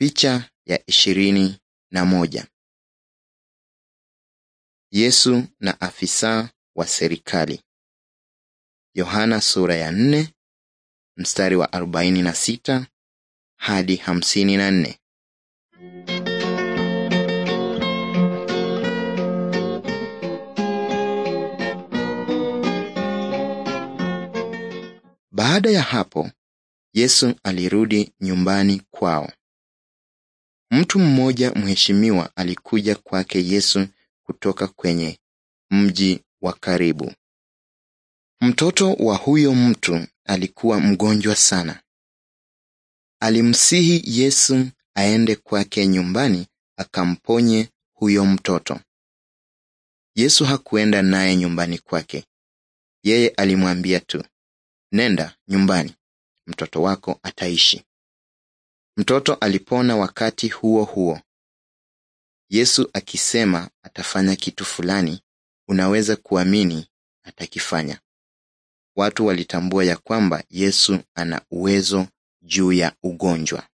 Picha ya ishirini na moja. Yesu na afisa wa serikali. Yohana sura ya nne mstari wa arobaini na sita hadi hamsini na nne. Baada ya hapo Yesu alirudi nyumbani kwao. Mtu mmoja mheshimiwa alikuja kwake Yesu kutoka kwenye mji wa karibu. Mtoto wa huyo mtu alikuwa mgonjwa sana. Alimsihi Yesu aende kwake nyumbani akamponye huyo mtoto. Yesu hakuenda naye nyumbani kwake. Yeye alimwambia tu, "Nenda nyumbani. Mtoto wako ataishi." Mtoto alipona wakati huo huo. Yesu akisema atafanya kitu fulani, unaweza kuamini atakifanya. Watu walitambua ya kwamba Yesu ana uwezo juu ya ugonjwa.